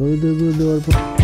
रोहित और